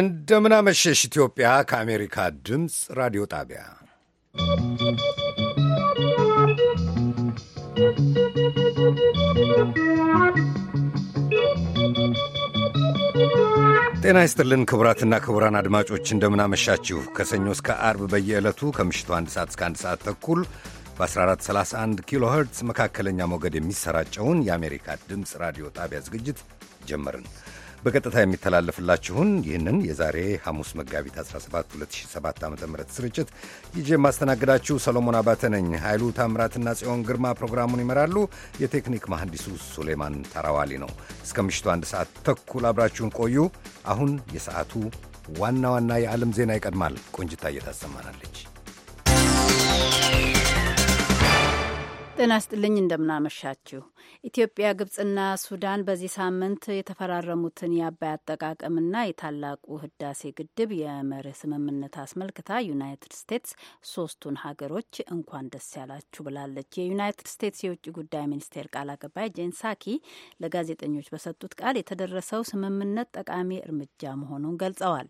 እንደምናመሸሽ ኢትዮጵያ ከአሜሪካ ድምፅ ራዲዮ ጣቢያ ጤና ይስጥልን ክቡራትና ክቡራን አድማጮች እንደምናመሻችሁ። ከሰኞ እስከ አርብ በየዕለቱ ከምሽቱ አንድ ሰዓት እስከ አንድ ሰዓት ተኩል በ1431 ኪሎ ኸርትዝ መካከለኛ ሞገድ የሚሰራጨውን የአሜሪካ ድምፅ ራዲዮ ጣቢያ ዝግጅት ጀመርን። በቀጥታ የሚተላለፍላችሁን ይህንን የዛሬ ሐሙስ መጋቢት 17 2007 ዓ ም ስርጭት ይዤ የማስተናግዳችሁ ሰሎሞን አባተ ነኝ። ኃይሉ ታምራትና ጽዮን ግርማ ፕሮግራሙን ይመራሉ። የቴክኒክ መሐንዲሱ ሱሌማን ታራዋሊ ነው። እስከ ምሽቱ አንድ ሰዓት ተኩል አብራችሁን ቆዩ። አሁን የሰዓቱ ዋና ዋና የዓለም ዜና ይቀድማል። ቆንጅታ እየታሰማናለች። ጤና ስጥልኝ እንደምናመሻችሁ ኢትዮጵያ፣ ግብጽና ሱዳን በዚህ ሳምንት የተፈራረሙትን የአባይ አጠቃቀምና የታላቁ ህዳሴ ግድብ የመርህ ስምምነት አስመልክታ ዩናይትድ ስቴትስ ሶስቱን ሀገሮች እንኳን ደስ ያላችሁ ብላለች። የዩናይትድ ስቴትስ የውጭ ጉዳይ ሚኒስቴር ቃል አቀባይ ጄን ሳኪ ለጋዜጠኞች በሰጡት ቃል የተደረሰው ስምምነት ጠቃሚ እርምጃ መሆኑን ገልጸዋል።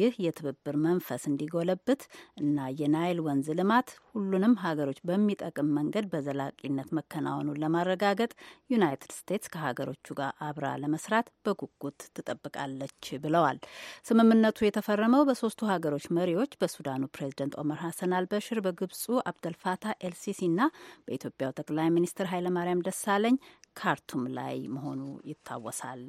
ይህ የትብብር መንፈስ እንዲጎለብት እና የናይል ወንዝ ልማት ሁሉንም ሀገሮች በሚጠቅም መንገድ በዘላቂነት መከናወኑን ለማረጋገጥ ዩናይትድ ስቴትስ ከሀገሮቹ ጋር አብራ ለመስራት በጉጉት ትጠብቃለች ብለዋል። ስምምነቱ የተፈረመው በሶስቱ ሀገሮች መሪዎች በሱዳኑ ፕሬዝደንት ኦመር ሀሰን አልበሽር፣ በግብፁ ኤልሲሲ እና በኢትዮጵያው ጠቅላይ ሚኒስትር ኃይለማርያም ደሳለኝ ካርቱም ላይ መሆኑ ይታወሳል።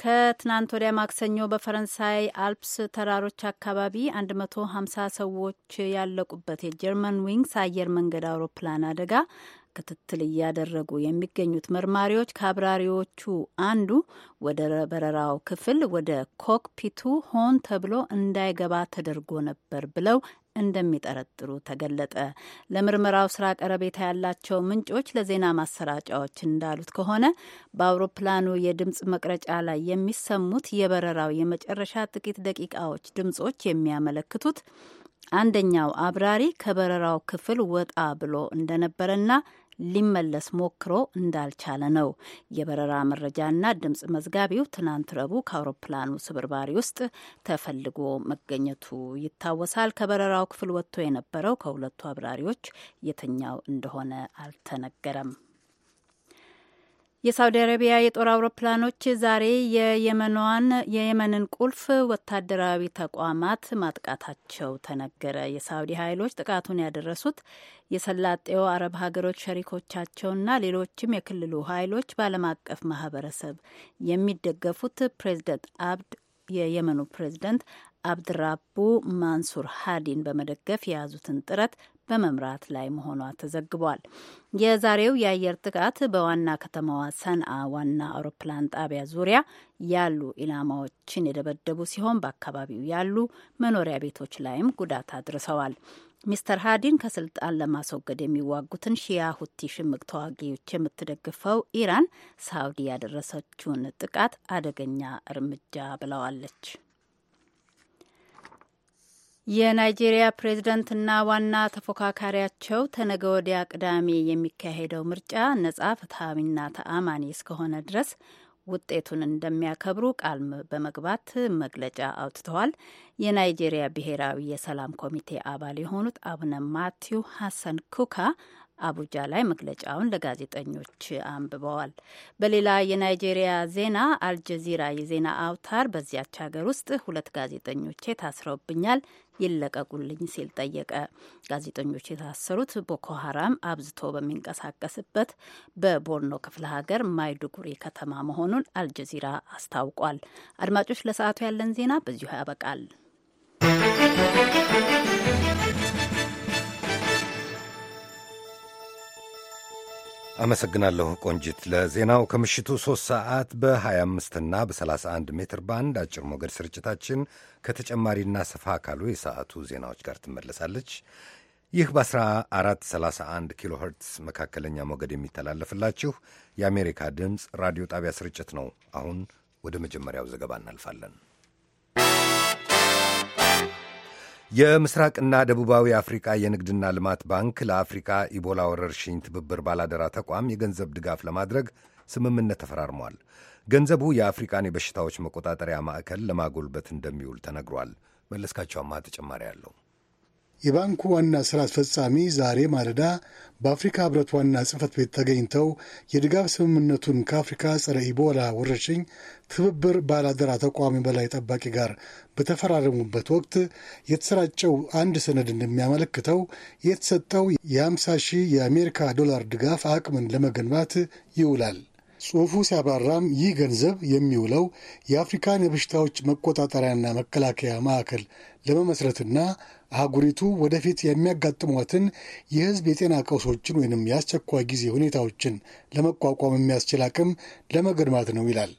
ከትናንት ወዲያ ማክሰኞ በፈረንሳይ አልፕስ ተራሮች አካባቢ 150 ሰዎች ያለቁበት የጀርመን ዊንግስ አየር መንገድ አውሮፕላን አደጋ ክትትል እያደረጉ የሚገኙት መርማሪዎች ከአብራሪዎቹ አንዱ ወደ በረራው ክፍል ወደ ኮክፒቱ ሆን ተብሎ እንዳይገባ ተደርጎ ነበር ብለው እንደሚጠረጥሩ ተገለጠ። ለምርመራው ስራ ቀረቤታ ያላቸው ምንጮች ለዜና ማሰራጫዎች እንዳሉት ከሆነ በአውሮፕላኑ የድምፅ መቅረጫ ላይ የሚሰሙት የበረራው የመጨረሻ ጥቂት ደቂቃዎች ድምጾች የሚያመለክቱት አንደኛው አብራሪ ከበረራው ክፍል ወጣ ብሎ እንደነበረና ሊመለስ ሞክሮ እንዳልቻለ ነው። የበረራ መረጃና ድምፅ መዝጋቢው ትናንት ረቡዕ ከአውሮፕላኑ ስብርባሪ ውስጥ ተፈልጎ መገኘቱ ይታወሳል። ከበረራው ክፍል ወጥቶ የነበረው ከሁለቱ አብራሪዎች የትኛው እንደሆነ አልተነገረም። የሳውዲ አረቢያ የጦር አውሮፕላኖች ዛሬ የየመኗን የየመንን ቁልፍ ወታደራዊ ተቋማት ማጥቃታቸው ተነገረ። የሳውዲ ኃይሎች ጥቃቱን ያደረሱት የሰላጤው አረብ ሀገሮች ሸሪኮቻቸውና ሌሎችም የክልሉ ኃይሎች በዓለም አቀፍ ማህበረሰብ የሚደገፉት ፕሬዚደንት አብድ የየመኑ ፕሬዚደንት አብድራቡ ማንሱር ሀዲን በመደገፍ የያዙትን ጥረት በመምራት ላይ መሆኗ ተዘግቧል። የዛሬው የአየር ጥቃት በዋና ከተማዋ ሰንአ ዋና አውሮፕላን ጣቢያ ዙሪያ ያሉ ኢላማዎችን የደበደቡ ሲሆን በአካባቢው ያሉ መኖሪያ ቤቶች ላይም ጉዳት አድርሰዋል። ሚስተር ሃዲን ከስልጣን ለማስወገድ የሚዋጉትን ሺያ ሁቲ ሽምቅ ተዋጊዎች የምትደግፈው ኢራን ሳውዲ ያደረሰችውን ጥቃት አደገኛ እርምጃ ብለዋለች። የናይጄሪያ ፕሬዝደንትና ዋና ተፎካካሪያቸው ተነገ ወዲያ ቅዳሜ የሚካሄደው ምርጫ ነጻ ፍትሐዊና ተአማኒ እስከሆነ ድረስ ውጤቱን እንደሚያከብሩ ቃል በመግባት መግለጫ አውጥተዋል። የናይጄሪያ ብሔራዊ የሰላም ኮሚቴ አባል የሆኑት አቡነ ማቲው ሀሰን ኩካ አቡጃ ላይ መግለጫውን ለጋዜጠኞች አንብበዋል። በሌላ የናይጄሪያ ዜና አልጀዚራ የዜና አውታር በዚያች ሀገር ውስጥ ሁለት ጋዜጠኞቼ ታስረውብኛል፣ ይለቀቁልኝ ሲል ጠየቀ። ጋዜጠኞች የታሰሩት ቦኮ ሀራም አብዝቶ በሚንቀሳቀስበት በቦርኖ ክፍለ ሀገር ማይዱጉሪ ከተማ መሆኑን አልጀዚራ አስታውቋል። አድማጮች፣ ለሰዓቱ ያለን ዜና በዚሁ ያበቃል። አመሰግናለሁ ቆንጂት ለዜናው። ከምሽቱ 3 ሰዓት በ25 እና በ31 ሜትር ባንድ አጭር ሞገድ ስርጭታችን ከተጨማሪና ሰፋ ካሉ የሰዓቱ ዜናዎች ጋር ትመለሳለች። ይህ በ1431 ኪሎ ኸርትስ መካከለኛ ሞገድ የሚተላለፍላችሁ የአሜሪካ ድምፅ ራዲዮ ጣቢያ ስርጭት ነው። አሁን ወደ መጀመሪያው ዘገባ እናልፋለን። የምስራቅና ደቡባዊ አፍሪካ የንግድና ልማት ባንክ ለአፍሪካ ኢቦላ ወረርሽኝ ትብብር ባላደራ ተቋም የገንዘብ ድጋፍ ለማድረግ ስምምነት ተፈራርሟል። ገንዘቡ የአፍሪካን የበሽታዎች መቆጣጠሪያ ማዕከል ለማጎልበት እንደሚውል ተነግሯል። መለስካቸው ተጨማሪ አለው። የባንኩ ዋና ሥራ አስፈጻሚ ዛሬ ማለዳ በአፍሪካ ህብረት ዋና ጽህፈት ቤት ተገኝተው የድጋፍ ስምምነቱን ከአፍሪካ ጸረ ኢቦላ ወረርሽኝ ትብብር ባላደራ ተቋሚ በላይ ጠባቂ ጋር በተፈራረሙበት ወቅት የተሰራጨው አንድ ሰነድ እንደሚያመለክተው የተሰጠው የ50 ሺህ የአሜሪካ ዶላር ድጋፍ አቅምን ለመገንባት ይውላል። ጽሑፉ ሲያብራራም ይህ ገንዘብ የሚውለው የአፍሪካን የበሽታዎች መቆጣጠሪያና መከላከያ ማዕከል ለመመስረትና አህጉሪቱ ወደፊት የሚያጋጥሟትን የሕዝብ የጤና ቀውሶችን ወይንም የአስቸኳይ ጊዜ ሁኔታዎችን ለመቋቋም የሚያስችል አቅም ለመገንባት ነው ይላል።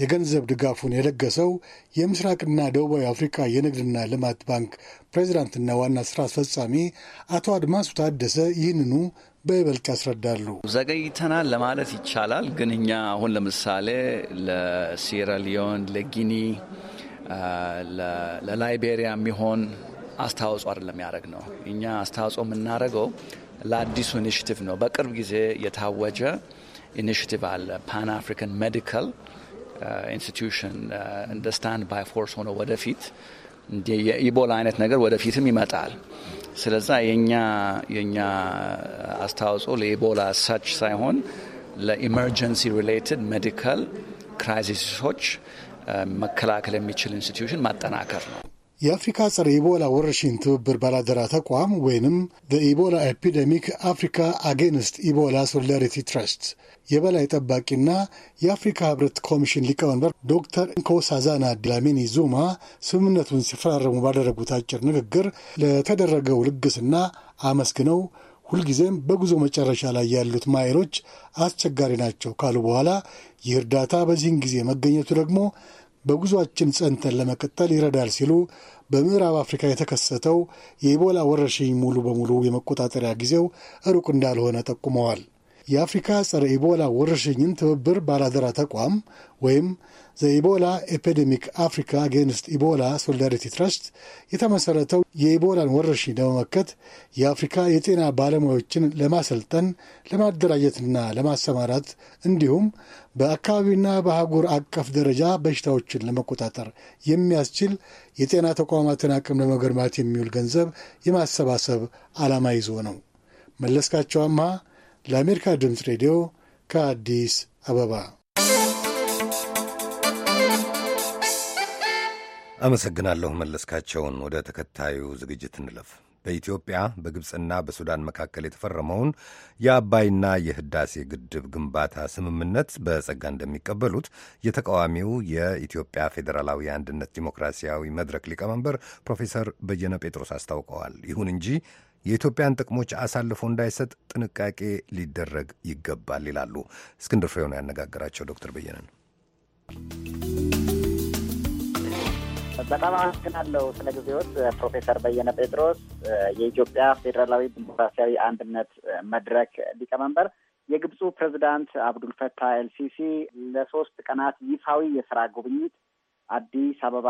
የገንዘብ ድጋፉን የለገሰው የምስራቅና ደቡባዊ አፍሪካ የንግድና ልማት ባንክ ፕሬዚዳንትና ዋና ሥራ አስፈጻሚ አቶ አድማሱ ታደሰ ይህንኑ በይበልጥ ያስረዳሉ። ዘገይተናል ለማለት ይቻላል። ግን እኛ አሁን ለምሳሌ ለሲራሊዮን፣ ለጊኒ፣ ለላይቤሪያ የሚሆን አስተዋጽኦ አይደለም ያደረግ ነው። እኛ አስተዋጽኦ የምናደርገው ለአዲሱ ኢኒሽቲቭ ነው። በቅርብ ጊዜ የታወጀ ኢኒሽቲቭ አለ ፓን አፍሪካን ሜዲካል ኢንስቲትዩሽን እንደ ስታንድ ባይ ፎርስ ሆኖ ወደፊት የኢቦላ አይነት ነገር ወደፊትም ይመጣል። ስለዛ የኛ የኛ አስተዋጽኦ ለኢቦላ ሳች ሳይሆን ለኢመርጀንሲ ሪሌትድ ሜዲካል ክራይሲሶች መከላከል የሚችል ኢንስቲትዩሽን ማጠናከር ነው። የአፍሪካ ጸረ ኢቦላ ወረርሽኝ ትብብር ባላደራ ተቋም ወይንም ኢቦላ ኤፒደሚክ አፍሪካ አጌንስት ኢቦላ ሶሊዳሪቲ ትረስት የበላይ ጠባቂና የአፍሪካ ህብረት ኮሚሽን ሊቀመንበር ዶክተር ንኮሳዛና ድላሚኒ ዙማ ስምምነቱን ሲፈራረሙ ባደረጉት አጭር ንግግር ለተደረገው ልግስና አመስግነው ሁልጊዜም በጉዞ መጨረሻ ላይ ያሉት ማይሎች አስቸጋሪ ናቸው ካሉ በኋላ ይህ እርዳታ በዚህን ጊዜ መገኘቱ ደግሞ በጉዞአችን ጸንተን ለመቀጠል ይረዳል ሲሉ በምዕራብ አፍሪካ የተከሰተው የኢቦላ ወረርሽኝ ሙሉ በሙሉ የመቆጣጠሪያ ጊዜው ሩቅ እንዳልሆነ ጠቁመዋል። የአፍሪካ ጸረ ኢቦላ ወረርሽኝን ትብብር ባላደራ ተቋም ወይም ዘኢቦላ ኤፒዴሚክ አፍሪካ አጌንስት ኢቦላ ሶሊዳሪቲ ትረስት የተመሠረተው የኢቦላን ወረርሽኝ ለመመከት የአፍሪካ የጤና ባለሙያዎችን ለማሰልጠን ለማደራጀትና ለማሰማራት እንዲሁም በአካባቢና በአህጉር አቀፍ ደረጃ በሽታዎችን ለመቆጣጠር የሚያስችል የጤና ተቋማትን አቅም ለመገንባት የሚውል ገንዘብ የማሰባሰብ ዓላማ ይዞ ነው። መለስካቸው አምሃ ለአሜሪካ ድምፅ ሬዲዮ ከአዲስ አበባ አመሰግናለሁ መለስካቸውን። ወደ ተከታዩ ዝግጅት እንለፍ። በኢትዮጵያ በግብፅና በሱዳን መካከል የተፈረመውን የአባይና የህዳሴ ግድብ ግንባታ ስምምነት በጸጋ እንደሚቀበሉት የተቃዋሚው የኢትዮጵያ ፌዴራላዊ አንድነት ዲሞክራሲያዊ መድረክ ሊቀመንበር ፕሮፌሰር በየነ ጴጥሮስ አስታውቀዋል። ይሁን እንጂ የኢትዮጵያን ጥቅሞች አሳልፎ እንዳይሰጥ ጥንቃቄ ሊደረግ ይገባል ይላሉ። እስክንድር ፍሬው ነው ያነጋገራቸው ዶክተር በየነን። በጣም አመሰግናለሁ ስለ ጊዜዎት ፕሮፌሰር በየነ ጴጥሮስ የኢትዮጵያ ፌዴራላዊ ዲሞክራሲያዊ አንድነት መድረክ ሊቀመንበር። የግብፁ ፕሬዚዳንት አብዱልፈታ ኤልሲሲ ለሶስት ቀናት ይፋዊ የስራ ጉብኝት አዲስ አበባ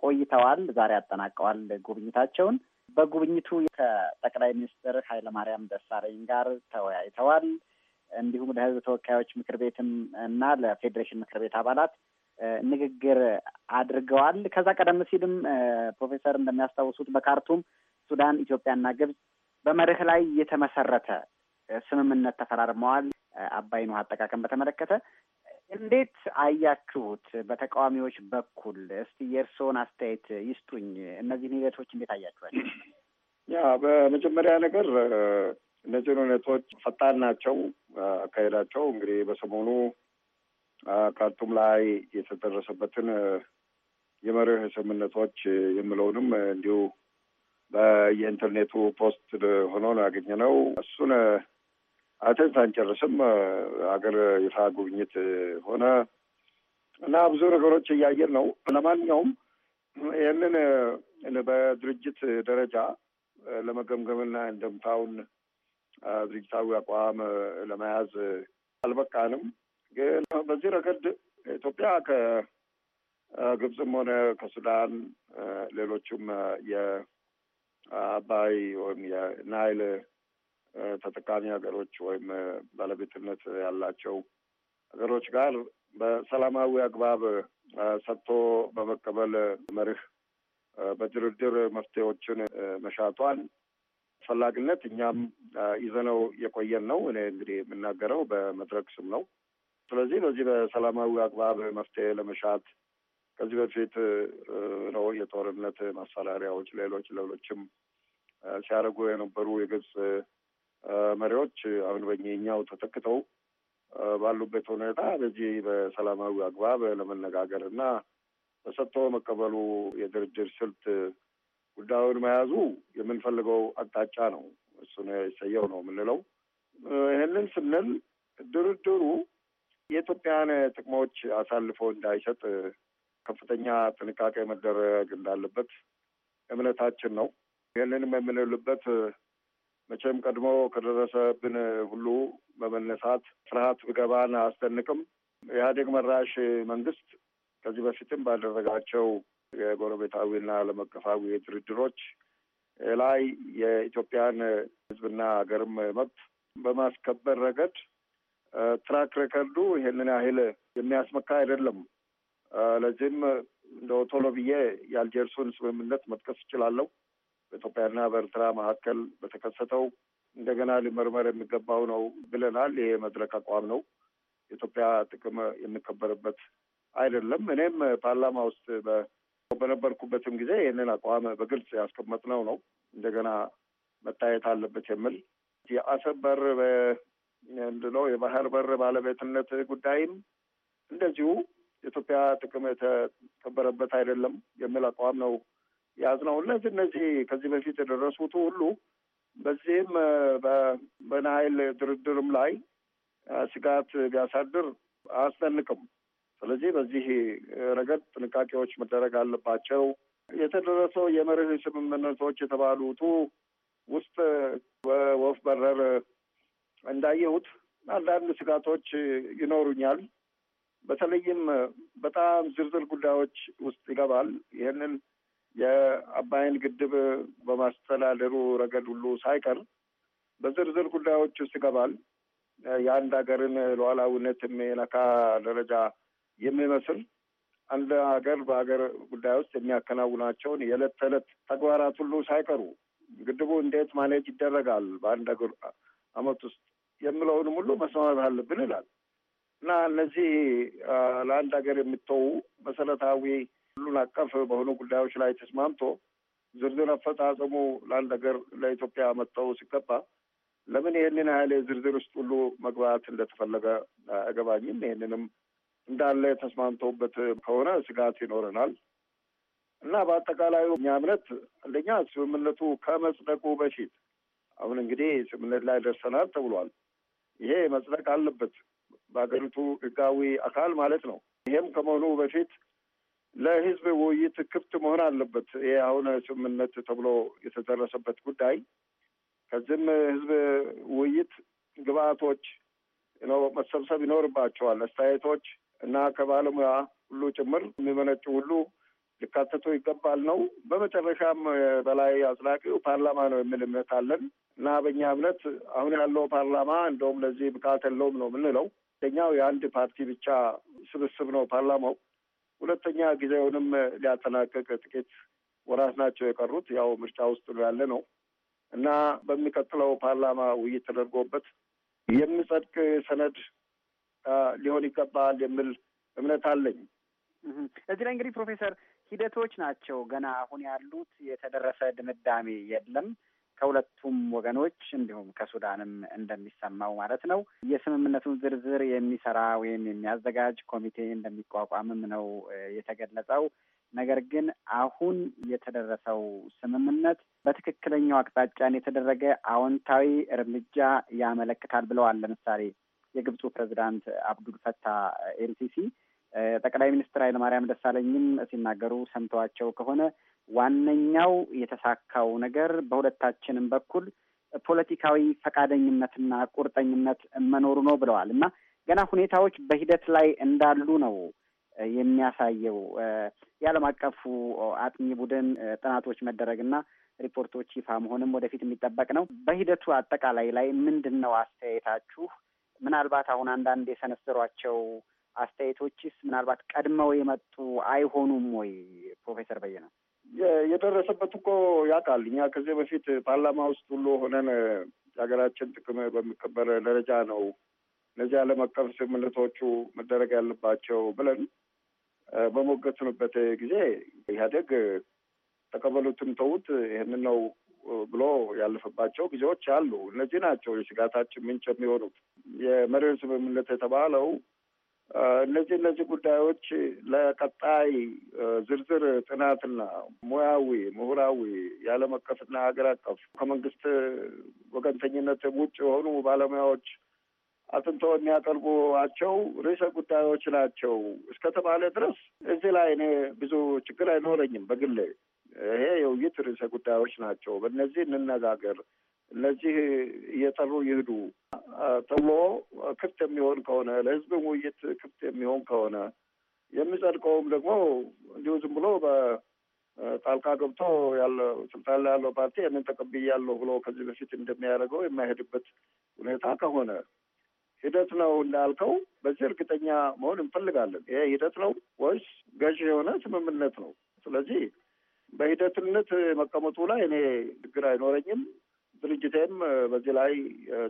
ቆይተዋል። ዛሬ አጠናቀዋል ጉብኝታቸውን። በጉብኝቱ ከጠቅላይ ሚኒስትር ኃይለማርያም ደሳለኝ ጋር ተወያይተዋል። እንዲሁም ለህዝብ ተወካዮች ምክር ቤትም እና ለፌዴሬሽን ምክር ቤት አባላት ንግግር አድርገዋል። ከዛ ቀደም ሲልም ፕሮፌሰር እንደሚያስታውሱት በካርቱም ሱዳን፣ ኢትዮጵያና ግብጽ በመርህ ላይ የተመሰረተ ስምምነት ተፈራርመዋል። አባይን ውሃ አጠቃቀም በተመለከተ እንዴት አያችሁት? በተቃዋሚዎች በኩል እስቲ የእርስዎን አስተያየት ይስጡኝ። እነዚህን ሂደቶች እንዴት አያችኋል? ያ በመጀመሪያ ነገር እነዚህን ሁኔታዎች ፈጣን ናቸው አካሄዳቸው። እንግዲህ በሰሞኑ ካርቱም ላይ የተደረሰበትን የመርህ ስምምነቶች የምለውንም እንዲሁ በየኢንተርኔቱ ፖስት ሆኖ ነው ያገኘነው እሱን አይተን ሳንጨርስም ሀገር ይፋ ጉብኝት ሆነ እና ብዙ ነገሮች እያየን ነው። ለማንኛውም ይህንን በድርጅት ደረጃ ለመገምገምና እንደምታውን ድርጅታዊ አቋም ለመያዝ አልበቃንም። ግን በዚህ ረገድ ኢትዮጵያ ከግብፅም ሆነ ከሱዳን ሌሎችም የአባይ ወይም የናይል ተጠቃሚ ሀገሮች ወይም ባለቤትነት ያላቸው ሀገሮች ጋር በሰላማዊ አግባብ ሰጥቶ በመቀበል መርህ በድርድር መፍትሄዎችን መሻቷን አስፈላጊነት እኛም ይዘነው የቆየን ነው። እኔ እንግዲህ የምናገረው በመድረክ ስም ነው። ስለዚህ በዚህ በሰላማዊ አግባብ መፍትሄ ለመሻት ከዚህ በፊት ነው የጦርነት ማስፈራሪያዎች ሌሎች ሌሎችም ሲያደርጉ የነበሩ የግብጽ መሪዎች አሁን በእኛው ተተክተው ባሉበት ሁኔታ በዚህ በሰላማዊ አግባብ ለመነጋገር እና ተሰጥቶ መቀበሉ የድርድር ስልት ጉዳዩን መያዙ የምንፈልገው አቅጣጫ ነው። እሱ የሰየው ነው የምንለው። ይህንን ስንል ድርድሩ የኢትዮጵያን ጥቅሞች አሳልፎ እንዳይሰጥ ከፍተኛ ጥንቃቄ መደረግ እንዳለበት እምነታችን ነው። ይህንንም የምንልበት መቼም ቀድሞ ከደረሰብን ሁሉ በመነሳት ፍርሃት ብገባን አስደንቅም ኢህአዴግ መራሽ መንግስት ከዚህ በፊትም ባደረጋቸው የጎረቤታዊና ዓለም አቀፋዊ ድርድሮች ላይ የኢትዮጵያን ህዝብና ሀገርም መብት በማስከበር ረገድ ትራክ ሬከርዱ ይሄንን ያህል የሚያስመካ አይደለም። ለዚህም እንደ ቶሎ ብዬ የአልጀርሱን ስምምነት መጥቀስ እችላለሁ። በኢትዮጵያና በኤርትራ መካከል በተከሰተው እንደገና ሊመርመር የሚገባው ነው ብለናል። ይሄ መድረክ አቋም ነው። የኢትዮጵያ ጥቅም የሚከበርበት አይደለም። እኔም ፓርላማ ውስጥ በነበርኩበትም ጊዜ ይህንን አቋም በግልጽ ያስቀመጥነው ነው። እንደገና መታየት አለበት የሚል የአሰብ በር ምንድነው የባህር በር ባለቤትነት ጉዳይም እንደዚሁ የኢትዮጵያ ጥቅም የተከበረበት አይደለም የሚል አቋም ነው ያዝነው እነዚህ እነዚህ ከዚህ በፊት የደረሱት ሁሉ በዚህም በናይል ድርድርም ላይ ስጋት ቢያሳድር አያስደንቅም። ስለዚህ በዚህ ረገድ ጥንቃቄዎች መደረግ አለባቸው። የተደረሰው የመርህ ስምምነቶች የተባሉቱ ውስጥ በወፍ በረር እንዳየሁት አንዳንድ ስጋቶች ይኖሩኛል። በተለይም በጣም ዝርዝር ጉዳዮች ውስጥ ይገባል። ይህንን የአባይን ግድብ በማስተዳደሩ ረገድ ሁሉ ሳይቀር በዝርዝር ጉዳዮች ውስጥ ይገባል። የአንድ ሀገርን ሉዓላዊነት የሚነካ ደረጃ የሚመስል አንድ ሀገር በሀገር ጉዳይ ውስጥ የሚያከናውናቸውን የዕለት ተዕለት ተግባራት ሁሉ ሳይቀሩ ግድቡ እንዴት ማኔጅ ይደረጋል በአንድ ሀገር አመት ውስጥ የምለውንም ሁሉ መስማት አለብን ይላል እና እነዚህ ለአንድ ሀገር የሚተዉ መሰረታዊ ሁሉን አቀፍ በሆኑ ጉዳዮች ላይ ተስማምቶ ዝርዝር አፈጻጸሙ ለአንድ ሀገር ለኢትዮጵያ መጥተው ሲገባ ለምን ይህንን ያህል ዝርዝር ውስጥ ሁሉ መግባት እንደተፈለገ አገባኝም። ይህንንም እንዳለ ተስማምተውበት ከሆነ ስጋት ይኖረናል እና በአጠቃላዩ እኛ እምነት አንደኛ ስምምነቱ ከመጽደቁ በፊት አሁን እንግዲህ ስምምነት ላይ ደርሰናል ተብሏል። ይሄ መጽደቅ አለበት በሀገሪቱ ህጋዊ አካል ማለት ነው። ይሄም ከመሆኑ በፊት ለህዝብ ውይይት ክፍት መሆን አለበት። ይሄ አሁን ስምምነት ተብሎ የተደረሰበት ጉዳይ ከዚህም ህዝብ ውይይት ግብአቶች መሰብሰብ ይኖርባቸዋል። አስተያየቶች እና ከባለሙያ ሁሉ ጭምር የሚመነጩ ሁሉ ሊካተቱ ይገባል ነው። በመጨረሻም በላይ አጽናቂው ፓርላማ ነው የሚል እምነት አለን እና በእኛ እምነት አሁን ያለው ፓርላማ እንደውም ለዚህ ብቃት የለውም ነው የምንለው። ኛው የአንድ ፓርቲ ብቻ ስብስብ ነው ፓርላማው። ሁለተኛ ጊዜውንም ሊያጠናቀቅ ጥቂት ወራት ናቸው የቀሩት። ያው ምርጫ ውስጥ ነው ያለ ነው እና በሚቀጥለው ፓርላማ ውይይት ተደርጎበት የሚጸድቅ ሰነድ ሊሆን ይገባል የሚል እምነት አለኝ። እዚህ ላይ እንግዲህ ፕሮፌሰር ሂደቶች ናቸው ገና አሁን ያሉት የተደረሰ ድምዳሜ የለም። ከሁለቱም ወገኖች እንዲሁም ከሱዳንም እንደሚሰማው ማለት ነው የስምምነቱን ዝርዝር የሚሰራ ወይም የሚያዘጋጅ ኮሚቴ እንደሚቋቋምም ነው የተገለጸው። ነገር ግን አሁን የተደረሰው ስምምነት በትክክለኛው አቅጣጫን የተደረገ አዎንታዊ እርምጃ ያመለክታል ብለዋል። ለምሳሌ የግብፁ ፕሬዚዳንት አብዱል ፈታህ ኤልሲሲ ጠቅላይ ሚኒስትር ኃይለማርያም ደሳለኝም ሲናገሩ ሰምተዋቸው ከሆነ ዋነኛው የተሳካው ነገር በሁለታችንም በኩል ፖለቲካዊ ፈቃደኝነትና ቁርጠኝነት መኖሩ ነው ብለዋል እና ገና ሁኔታዎች በሂደት ላይ እንዳሉ ነው የሚያሳየው። የዓለም አቀፉ አጥኚ ቡድን ጥናቶች መደረግና ሪፖርቶች ይፋ መሆንም ወደፊት የሚጠበቅ ነው። በሂደቱ አጠቃላይ ላይ ምንድን ነው አስተያየታችሁ? ምናልባት አሁን አንዳንድ የሰነዘሯቸው አስተያየቶችስ ምናልባት ቀድመው የመጡ አይሆኑም ወይ? ፕሮፌሰር በየነ የደረሰበት እኮ ያውቃል። እኛ ከዚህ በፊት ፓርላማ ውስጥ ሁሉ ሆነን የሀገራችን ጥቅም በሚከበር ደረጃ ነው እነዚህ ዓለም አቀፍ ስምምነቶቹ መደረግ ያለባቸው ብለን በሞገትንበት ጊዜ ኢህአዴግ ተቀበሉትም ተዉት ይህንን ነው ብሎ ያለፈባቸው ጊዜዎች አሉ። እነዚህ ናቸው የስጋታችን ምንጭ የሚሆኑት። የመሪዎች ስምምነት የተባለው እነዚህ እነዚህ ጉዳዮች ለቀጣይ ዝርዝር ጥናትና ሙያዊ ምሁራዊ የዓለም አቀፍና ሀገር አቀፍ ከመንግስት ወገንተኝነት ውጭ የሆኑ ባለሙያዎች አጥንቶ የሚያቀርቡቸው ርዕሰ ጉዳዮች ናቸው እስከተባለ ድረስ እዚህ ላይ እኔ ብዙ ችግር አይኖረኝም። በግሌ ይሄ የውይይት ርዕሰ ጉዳዮች ናቸው። በእነዚህ እንነጋገር፣ እነዚህ እየጠሩ ይሄዱ ተብሎ ክፍት የሚሆን ከሆነ ለሕዝብም ውይይት ክፍት የሚሆን ከሆነ የሚጸድቀውም ደግሞ እንዲሁ ዝም ብሎ በጣልቃ ገብቶ ያለው ስልጣን ላይ ያለው ፓርቲ ያንን ተቀብያለሁ ብሎ ከዚህ በፊት እንደሚያደርገው የማይሄድበት ሁኔታ ከሆነ ሂደት ነው እንዳልከው፣ በዚህ እርግጠኛ መሆን እንፈልጋለን። ይሄ ሂደት ነው ወይስ ገዥ የሆነ ስምምነት ነው? ስለዚህ በሂደትነት መቀመጡ ላይ እኔ ችግር አይኖረኝም። ድርጅቴም በዚህ ላይ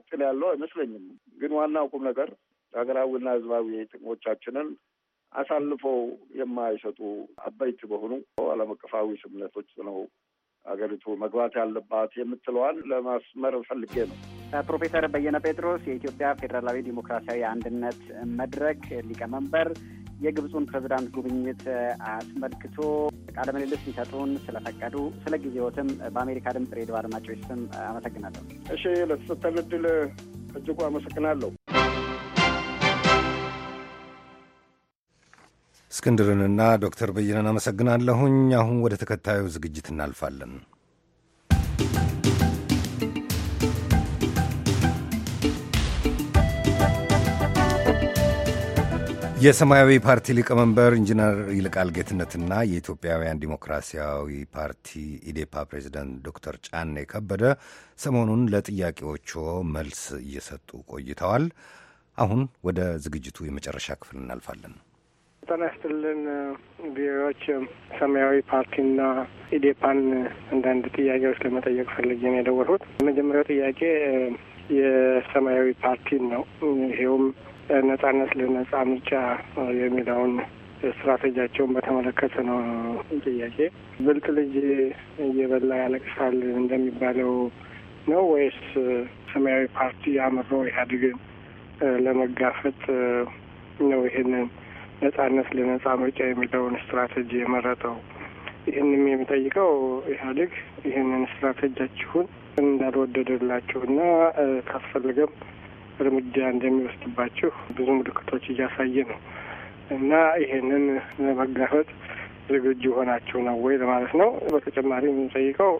ጥል ያለው አይመስለኝም። ግን ዋናው ቁም ነገር ሀገራዊና ሕዝባዊ ጥቅሞቻችንን አሳልፈው የማይሰጡ አበይት በሆኑ ዓለም አቀፋዊ ስምምነቶች ነው አገሪቱ መግባት ያለባት የምትለዋን ለማስመር ፈልጌ ነው። ፕሮፌሰር በየነ ጴጥሮስ የኢትዮጵያ ፌዴራላዊ ዲሞክራሲያዊ አንድነት መድረክ ሊቀመንበር የግብፁን ፕሬዝዳንት ጉብኝት አስመልክቶ ቃለ ምልልስ ሊሰጡን ስለፈቀዱ ስለ ጊዜዎትም በአሜሪካ ድምፅ ሬዲዮ አድማጮች ስም አመሰግናለሁ። እሺ፣ ለተሰጠን እድል እጅጉ አመሰግናለሁ። እስክንድርንና ዶክተር በየነን አመሰግናለሁኝ። አሁን ወደ ተከታዩ ዝግጅት እናልፋለን። የሰማያዊ ፓርቲ ሊቀመንበር ኢንጂነር ይልቃል ጌትነትና የኢትዮጵያውያን ዲሞክራሲያዊ ፓርቲ ኢዴፓ ፕሬዚደንት ዶክተር ጫኔ ከበደ ሰሞኑን ለጥያቄዎቹ መልስ እየሰጡ ቆይተዋል። አሁን ወደ ዝግጅቱ የመጨረሻ ክፍል እናልፋለን። ጤና ይስጥልን ሰማያዊ ፓርቲና ኢዴፓን አንዳንድ ጥያቄዎች ለመጠየቅ ፈልጌ ነው የደወልኩት። የመጀመሪያው ጥያቄ የሰማያዊ ፓርቲን ነው። ይሄውም ነጻነት ለነጻ ምርጫ የሚለውን ስትራቴጂያቸውን በተመለከተ ነው ጥያቄ። ብልጥ ልጅ እየበላ ያለቅሳል እንደሚባለው ነው ወይስ ሰማያዊ ፓርቲ አምሮ ኢህአዴግን ለመጋፈጥ ነው ይህንን ነጻነት ለነጻ ምርጫ የሚለውን ስትራቴጂ የመረጠው? ይህንም የሚጠይቀው ኢህአዴግ ይህንን ስትራቴጂያችሁን እንዳልወደደላችሁና ካስፈልገም እርምጃ እንደሚወስድባቸው ብዙ ምልክቶች እያሳየ ነው እና ይሄንን ለመጋፈጥ ዝግጁ ሆናችሁ ነው ወይ ለማለት ነው። በተጨማሪ የምንጠይቀው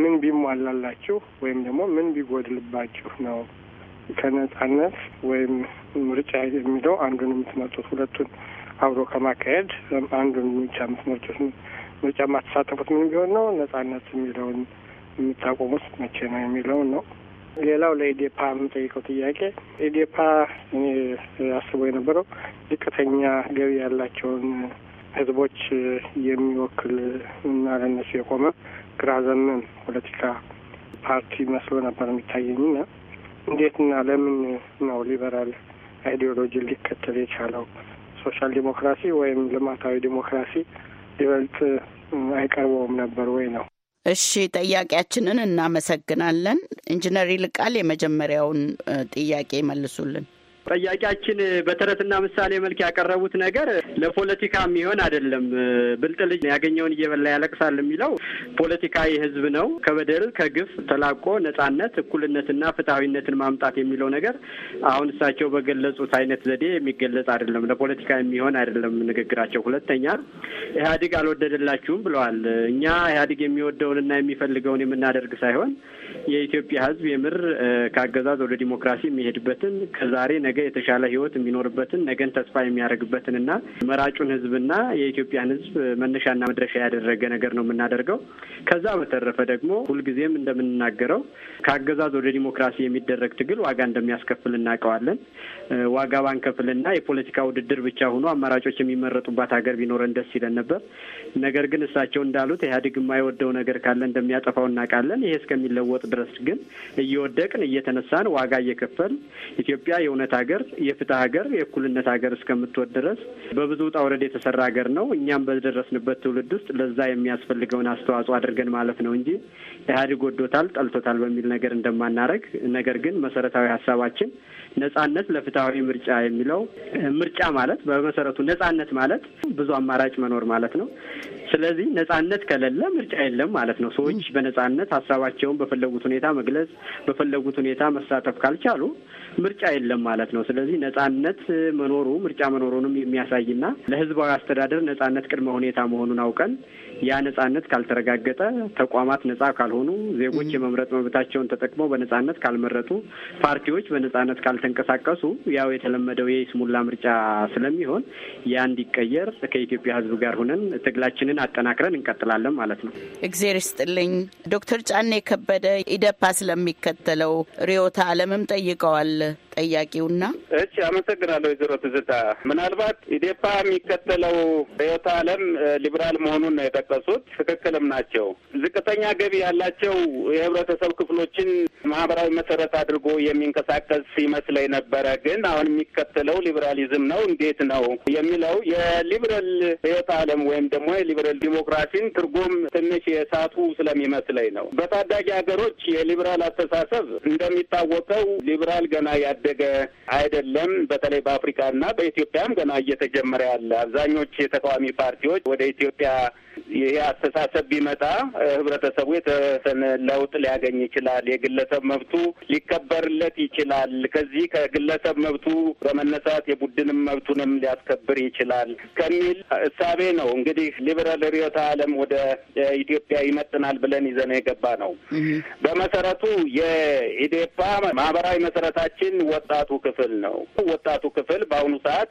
ምን ቢሟላላችሁ ወይም ደግሞ ምን ቢጎድልባችሁ ነው ከነጻነት ወይም ምርጫ የሚለው አንዱን የምትመርጡት ሁለቱን አብሮ ከማካሄድ አንዱን ምርጫ የምትመርጡት ምርጫ የማትሳተፉት ምን ቢሆን ነው? ነጻነት የሚለውን የምታቆሙት መቼ ነው የሚለውን ነው። ሌላው ለኢዴፓ የምጠይቀው ጥያቄ ኢዴፓ አስቦ የነበረው ዝቅተኛ ገቢ ያላቸውን ህዝቦች የሚወክል እና ለነሱ የቆመ ግራ ዘመም ፖለቲካ ፓርቲ መስሎ ነበር ና እንዴትና ለምን ነው ሊበራል አይዲዮሎጂ ሊከተል የቻለው? ሶሻል ዲሞክራሲ ወይም ልማታዊ ዲሞክራሲ ሊበልጥ አይቀርበውም ነበር ወይ ነው? እሺ ጠያቂያችንን እናመሰግናለን። ኢንጂነር ይልቃል የመጀመሪያውን ጥያቄ መልሱልን። ጠያቂያችን በተረትና ምሳሌ መልክ ያቀረቡት ነገር ለፖለቲካ የሚሆን አይደለም። ብልጥ ልጅ ያገኘውን እየበላ ያለቅሳል የሚለው ፖለቲካዊ ህዝብ ነው። ከበደል ከግፍ ተላቆ ነጻነት፣ እኩልነትና ፍትሐዊነትን ማምጣት የሚለው ነገር አሁን እሳቸው በገለጹት አይነት ዘዴ የሚገለጽ አይደለም። ለፖለቲካ የሚሆን አይደለም ንግግራቸው። ሁለተኛ ኢህአዴግ አልወደደላችሁም ብለዋል። እኛ ኢህአዴግ የሚወደውንና የሚፈልገውን የምናደርግ ሳይሆን የኢትዮጵያ ህዝብ የምር ከአገዛዝ ወደ ዲሞክራሲ የሚሄድበትን ከዛሬ ነገ ነገ የተሻለ ህይወት የሚኖርበትን ነገን ተስፋ የሚያደርግበትንና መራጩን ህዝብና የኢትዮጵያን ህዝብ መነሻና መድረሻ ያደረገ ነገር ነው የምናደርገው። ከዛ በተረፈ ደግሞ ሁልጊዜም እንደምንናገረው ከአገዛዝ ወደ ዲሞክራሲ የሚደረግ ትግል ዋጋ እንደሚያስከፍል እናውቀዋለን። ዋጋ ባንከፍልና የፖለቲካ ውድድር ብቻ ሆኖ አማራጮች የሚመረጡባት ሀገር ቢኖረን ደስ ይለን ነበር። ነገር ግን እሳቸው እንዳሉት ኢህአዴግ የማይወደው ነገር ካለ እንደሚያጠፋው እናውቃለን። ይሄ እስከሚለወጥ ድረስ ግን እየወደቅን እየተነሳን ዋጋ እየከፈል ኢትዮጵያ የእውነት ሀገር የፍትህ ሀገር የእኩልነት ሀገር እስከምትወድ ድረስ በብዙ ውጣ ውረድ የተሰራ ሀገር ነው። እኛም በደረስንበት ትውልድ ውስጥ ለዛ የሚያስፈልገውን አስተዋጽኦ አድርገን ማለት ነው እንጂ ኢህአዴግ ወዶታል፣ ጠልቶታል በሚል ነገር እንደማናረግ ነገር ግን መሰረታዊ ሀሳባችን ነጻነት ለፍትሐዊ ምርጫ የሚለው ምርጫ ማለት በመሰረቱ ነጻነት ማለት ብዙ አማራጭ መኖር ማለት ነው። ስለዚህ ነጻነት ከሌለ ምርጫ የለም ማለት ነው። ሰዎች በነጻነት ሀሳባቸውን በፈለጉት ሁኔታ መግለጽ፣ በፈለጉት ሁኔታ መሳተፍ ካልቻሉ ምርጫ የለም ማለት ነው። ስለዚህ ነጻነት መኖሩ ምርጫ መኖሩንም የሚያሳይና ለህዝባዊ አስተዳደር ነጻነት ቅድመ ሁኔታ መሆኑን አውቀን ያ ነጻነት ካልተረጋገጠ፣ ተቋማት ነጻ ካልሆኑ፣ ዜጎች የመምረጥ መብታቸውን ተጠቅመው በነጻነት ካልመረጡ፣ ፓርቲዎች በነጻነት ካልተንቀሳቀሱ፣ ያው የተለመደው የይስሙላ ምርጫ ስለሚሆን ያ እንዲቀየር ከኢትዮጵያ ሕዝብ ጋር ሆነን ትግላችንን አጠናክረን እንቀጥላለን ማለት ነው። እግዜር ይስጥልኝ። ዶክተር ጫኔ ከበደ ኢደፓ ስለሚከተለው ርዕዮተ ዓለምም ጠይቀዋል ጠያቂውና። እሺ፣ አመሰግናለሁ ወይዘሮ ትዝታ። ምናልባት ኢዴፓ የሚከተለው ርዕዮተ ዓለም ሊብራል መሆኑን ነው የጠቀሱት ትክክልም ናቸው። ዝቅተኛ ገቢ ያላቸው የህብረተሰብ ክፍሎችን ማህበራዊ መሰረት አድርጎ የሚንቀሳቀስ ይመስለኝ ነበረ። ግን አሁን የሚከተለው ሊበራሊዝም ነው እንዴት ነው የሚለው የሊበራል ህይወት አለም ወይም ደግሞ የሊበራል ዲሞክራሲን ትርጉም ትንሽ የሳቱ ስለሚመስለኝ ነው። በታዳጊ ሀገሮች የሊበራል አስተሳሰብ እንደሚታወቀው ሊበራል ገና ያደገ አይደለም። በተለይ በአፍሪካና በኢትዮጵያም ገና እየተጀመረ ያለ አብዛኞች የተቃዋሚ ፓርቲዎች ወደ ኢትዮጵያ ይህ አስተሳሰብ ቢመጣ ህብረተሰቡ የተወሰነ ለውጥ ሊያገኝ ይችላል። የግለሰብ መብቱ ሊከበርለት ይችላል። ከዚህ ከግለሰብ መብቱ በመነሳት የቡድንም መብቱንም ሊያስከብር ይችላል ከሚል እሳቤ ነው እንግዲህ ሊበራል ርዕዮተ ዓለም ወደ ኢትዮጵያ ይመጥናል ብለን ይዘን የገባ ነው። በመሰረቱ የኢዴፓ ማህበራዊ መሰረታችን ወጣቱ ክፍል ነው። ወጣቱ ክፍል በአሁኑ ሰዓት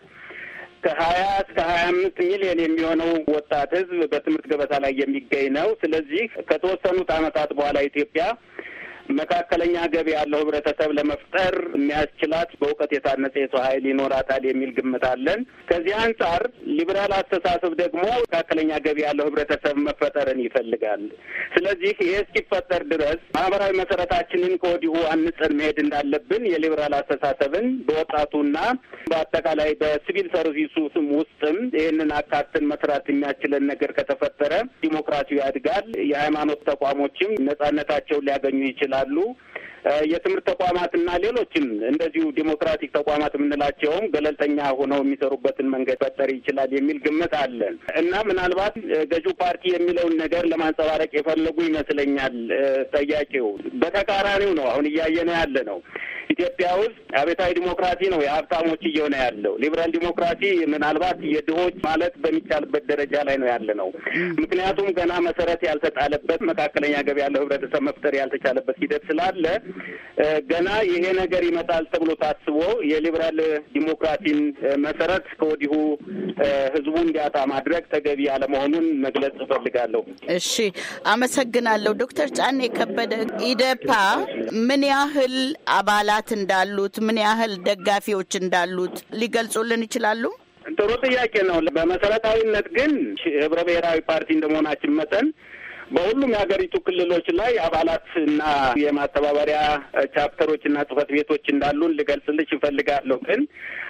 ከሀያ እስከ ሀያ አምስት ሚሊዮን የሚሆነው ወጣት ህዝብ በትምህርት ገበታ ላይ የሚገኝ ነው። ስለዚህ ከተወሰኑት አመታት በኋላ ኢትዮጵያ መካከለኛ ገቢ ያለው ህብረተሰብ ለመፍጠር የሚያስችላት በእውቀት የታነጸ የሰው ኃይል ይኖራታል የሚል ግምት አለን። ከዚህ አንጻር ሊበራል አስተሳሰብ ደግሞ መካከለኛ ገቢ ያለው ህብረተሰብ መፈጠርን ይፈልጋል። ስለዚህ ይህ እስኪፈጠር ድረስ ማህበራዊ መሰረታችንን ከወዲሁ አንጸን መሄድ እንዳለብን የሊበራል አስተሳሰብን በወጣቱና በአጠቃላይ በሲቪል ሰርቪሱ ስም ውስጥም ይህንን አካትን መስራት የሚያስችለን ነገር ከተፈጠረ ዲሞክራሲው ያድጋል፣ የሃይማኖት ተቋሞችም ነጻነታቸውን ሊያገኙ ይችላል ያሉ የትምህርት ተቋማትና ሌሎችም እንደዚሁ ዲሞክራቲክ ተቋማት የምንላቸውም ገለልተኛ ሆነው የሚሰሩበትን መንገድ ፈጠር ይችላል የሚል ግምት አለ እና ምናልባት ገዢው ፓርቲ የሚለውን ነገር ለማንጸባረቅ የፈለጉ ይመስለኛል ጠያቂው። በተቃራኒው ነው አሁን እያየነው ያለ ነው። ኢትዮጵያ ውስጥ አቤታዊ ዲሞክራሲ ነው የሀብታሞች እየሆነ ያለው። ሊበራል ዲሞክራሲ ምናልባት የድሆች ማለት በሚቻልበት ደረጃ ላይ ነው ያለ ነው። ምክንያቱም ገና መሰረት ያልተጣለበት መካከለኛ ገቢ ያለው ህብረተሰብ መፍጠር ያልተቻለበት ሂደት ስላለ ገና ይሄ ነገር ይመጣል ተብሎ ታስቦ የሊበራል ዲሞክራሲን መሰረት ከወዲሁ ህዝቡ እንዲያጣ ማድረግ ተገቢ አለመሆኑን መግለጽ እፈልጋለሁ። እሺ፣ አመሰግናለሁ ዶክተር ጫኔ ከበደ። ኢደፓ ምን ያህል አባላት አባላት እንዳሉት፣ ምን ያህል ደጋፊዎች እንዳሉት ሊገልጹልን ይችላሉ? ጥሩ ጥያቄ ነው። በመሰረታዊነት ግን ህብረ ብሔራዊ ፓርቲ እንደመሆናችን መጠን በሁሉም የሀገሪቱ ክልሎች ላይ አባላት እና የማስተባበሪያ ቻፕተሮች ጽህፈት ቤቶች እንዳሉን ልገልጽልሽ ይፈልጋለሁ። ግን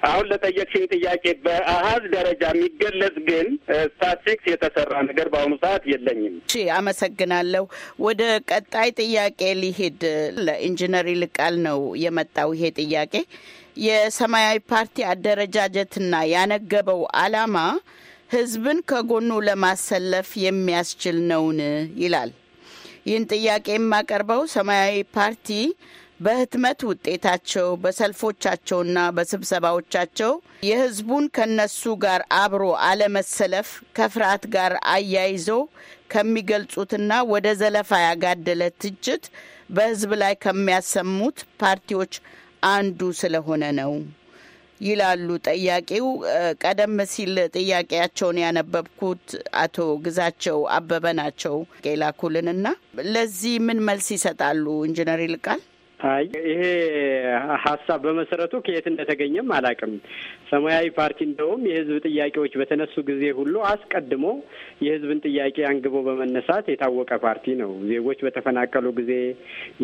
አሁን ለጠየቅሽኝ ጥያቄ በአሀዝ ደረጃ የሚገለጽ ግን ስታትስቲክስ የተሰራ ነገር በአሁኑ ሰዓት የለኝም። እሺ፣ አመሰግናለሁ። ወደ ቀጣይ ጥያቄ ሊሄድ ለኢንጂነር ይልቃል ነው የመጣው ይሄ ጥያቄ የሰማያዊ ፓርቲ አደረጃጀትና ያነገበው አላማ ህዝብን ከጎኑ ለማሰለፍ የሚያስችል ነውን? ይላል። ይህን ጥያቄ የማቀርበው ሰማያዊ ፓርቲ በህትመት ውጤታቸው በሰልፎቻቸውና በስብሰባዎቻቸው የህዝቡን ከነሱ ጋር አብሮ አለመሰለፍ ከፍርሃት ጋር አያይዘው ከሚገልጹትና ወደ ዘለፋ ያጋደለ ትችት በህዝብ ላይ ከሚያሰሙት ፓርቲዎች አንዱ ስለሆነ ነው። ይላሉ ጠያቂው። ቀደም ሲል ጥያቄያቸውን ያነበብኩት አቶ ግዛቸው አበበ ናቸው የላኩልንና ለዚህ ምን መልስ ይሰጣሉ ኢንጂነር ይልቃል? አይ ይሄ ሀሳብ በመሰረቱ ከየት እንደተገኘም አላውቅም። ሰማያዊ ፓርቲ እንደውም የህዝብ ጥያቄዎች በተነሱ ጊዜ ሁሉ አስቀድሞ የህዝብን ጥያቄ አንግቦ በመነሳት የታወቀ ፓርቲ ነው። ዜጎች በተፈናቀሉ ጊዜ፣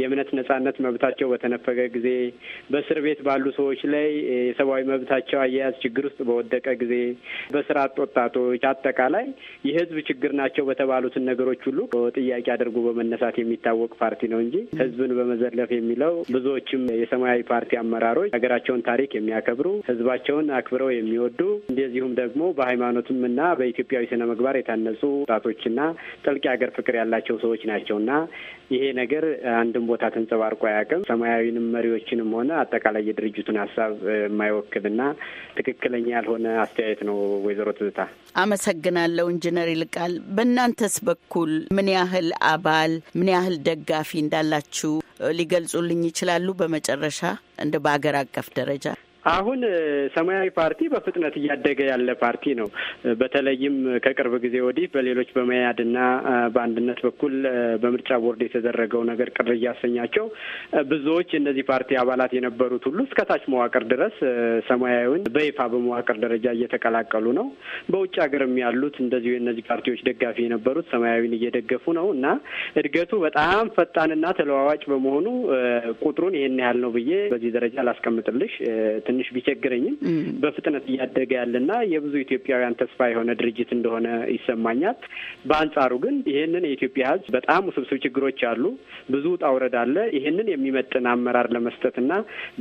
የእምነት ነጻነት መብታቸው በተነፈገ ጊዜ፣ በእስር ቤት ባሉ ሰዎች ላይ የሰብአዊ መብታቸው አያያዝ ችግር ውስጥ በወደቀ ጊዜ፣ በስራ አጥ ወጣቶች፣ አጠቃላይ የህዝብ ችግር ናቸው በተባሉትን ነገሮች ሁሉ ጥያቄ አድርጎ በመነሳት የሚታወቅ ፓርቲ ነው እንጂ ህዝብን በመዘለፍ የሚለው ያለው። ብዙዎችም የሰማያዊ ፓርቲ አመራሮች ሀገራቸውን ታሪክ የሚያከብሩ ህዝባቸውን አክብረው የሚወዱ እንደዚሁም ደግሞ በሃይማኖትም እና በኢትዮጵያዊ ስነ ምግባር የታነጹ ወጣቶችና ጥልቅ የሀገር ፍቅር ያላቸው ሰዎች ናቸውና ይሄ ነገር አንድም ቦታ ተንጸባርቆ አያውቅም። ሰማያዊንም መሪዎችንም ሆነ አጠቃላይ የድርጅቱን ሀሳብ የማይወክልና ትክክለኛ ያልሆነ አስተያየት ነው። ወይዘሮ ትዝታ አመሰግናለሁ። ኢንጂነር ይልቃል በእናንተስ በኩል ምን ያህል አባል ምን ያህል ደጋፊ እንዳላችሁ ሊገልጹልኝ ይችላሉ? በመጨረሻ እንደ በሀገር አቀፍ ደረጃ አሁን ሰማያዊ ፓርቲ በፍጥነት እያደገ ያለ ፓርቲ ነው። በተለይም ከቅርብ ጊዜ ወዲህ በሌሎች በመያድና በአንድነት በኩል በምርጫ ቦርድ የተደረገው ነገር ቅር እያሰኛቸው ብዙዎች የእነዚህ ፓርቲ አባላት የነበሩት ሁሉ እስከታች መዋቅር ድረስ ሰማያዊን በይፋ በመዋቅር ደረጃ እየተቀላቀሉ ነው። በውጭ ሀገርም ያሉት እንደዚሁ የእነዚህ ፓርቲዎች ደጋፊ የነበሩት ሰማያዊን እየደገፉ ነው እና እድገቱ በጣም ፈጣንና ተለዋዋጭ በመሆኑ ቁጥሩን ይሄን ያህል ነው ብዬ በዚህ ደረጃ ላስቀምጥልሽ። ትንሽ ቢቸግረኝም በፍጥነት እያደገ ያለና የብዙ ኢትዮጵያውያን ተስፋ የሆነ ድርጅት እንደሆነ ይሰማኛል። በአንጻሩ ግን ይህንን የኢትዮጵያ ሕዝብ በጣም ውስብስብ ችግሮች አሉ፣ ብዙ ውጣ ውረድ አለ። ይህንን የሚመጥን አመራር ለመስጠትና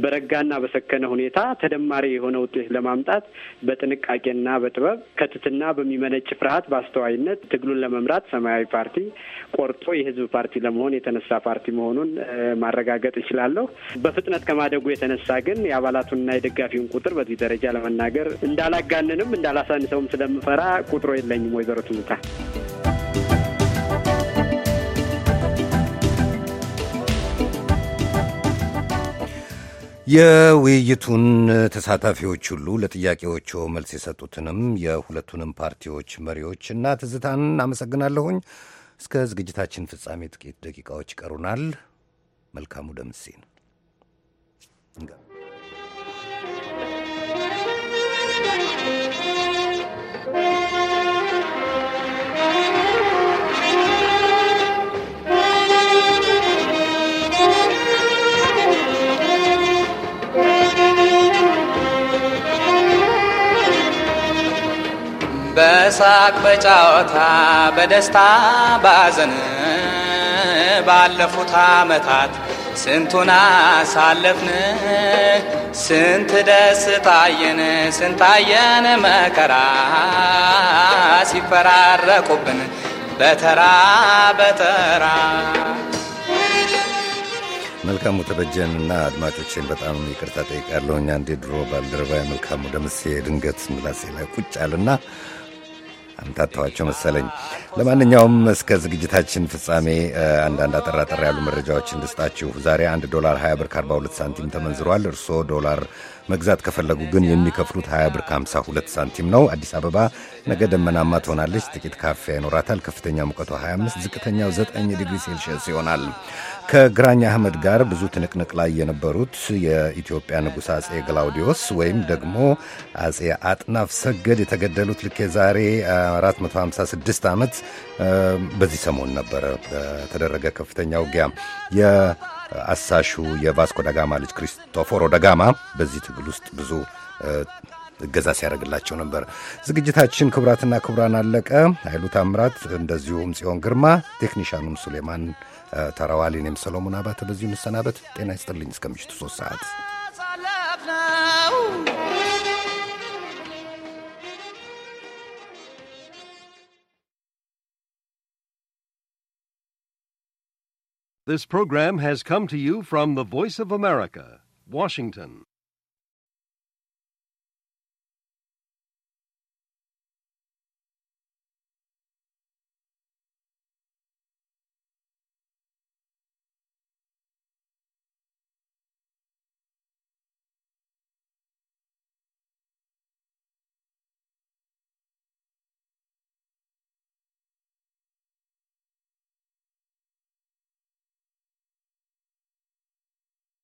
በረጋና በሰከነ ሁኔታ ተደማሪ የሆነ ውጤት ለማምጣት በጥንቃቄና በጥበብ ከትትና በሚመነጭ ፍርሃት በአስተዋይነት ትግሉን ለመምራት ሰማያዊ ፓርቲ ቆርጦ የህዝብ ፓርቲ ለመሆን የተነሳ ፓርቲ መሆኑን ማረጋገጥ እችላለሁ። በፍጥነት ከማደጉ የተነሳ ግን የአባላቱንና የደጋፊውን ቁጥር በዚህ ደረጃ ለመናገር እንዳላጋንንም እንዳላሳንሰውም ስለምፈራ ቁጥሮ የለኝም። ወይዘሮ ትዝታ የውይይቱን ተሳታፊዎች ሁሉ ለጥያቄዎቹ መልስ የሰጡትንም የሁለቱንም ፓርቲዎች እና ትዝታን አመሰግናለሁኝ። እስከ ዝግጅታችን ፍጻሜ ጥቂት ደቂቃዎች ይቀሩናል። መልካሙ ደምሴ ነው። በሳቅ በጫወታ በደስታ ባዘን ባለፉት ዓመታት ስንቱን አሳለፍን ስንት ደስታየን ስንታየን መከራ ሲፈራረቁብን በተራ በተራ። መልካሙ ተበጀንና አድማጮችን በጣም ይቅርታ ጠይቃለሁ። እኛ እንዴ ድሮ ባልደረባ መልካሙ ደምሴ ድንገት ምላሴ ላይ ቁጭ አልና አምታተዋቸው መሰለኝ። ለማንኛውም እስከ ዝግጅታችን ፍጻሜ አንዳንድ አጠር አጠር ያሉ መረጃዎች እንድስጣችሁ። ዛሬ 1 ዶላር 20 ብር 42 ሳንቲም ተመንዝሯል። እርስዎ ዶላር መግዛት ከፈለጉ ግን የሚከፍሉት 20 ብር 52 ሳንቲም ነው። አዲስ አበባ ነገ ደመናማ ትሆናለች። ጥቂት ካፊያ ይኖራታል። ከፍተኛ ሙቀቷ 25፣ ዝቅተኛው 9 ዲግሪ ሴልሽየስ ይሆናል። ከግራኝ አህመድ ጋር ብዙ ትንቅንቅ ላይ የነበሩት የኢትዮጵያ ንጉሥ አጼ ግላውዲዮስ ወይም ደግሞ አጼ አጥናፍ ሰገድ የተገደሉት ልክ የዛሬ 456 ዓመት በዚህ ሰሞን ነበረ በተደረገ ከፍተኛ ውጊያ የአሳሹ የቫስኮ ደጋማ ልጅ ክሪስቶፎሮ ደጋማ በዚህ ትግል ውስጥ ብዙ እገዛ ሲያደርግላቸው ነበር። ዝግጅታችን ክቡራትና ክቡራን አለቀ። ኃይሉ ታምራት፣ እንደዚሁም ጽዮን ግርማ፣ ቴክኒሻኑም ሱሌማን ተራዋል። እኔም ሰሎሞን አባተ በዚሁ እንሰናበት። ጤና ይስጥልኝ። እስከ ምሽቱ ሶስት ሰዓት This program has come to you from the Voice of America, Washington.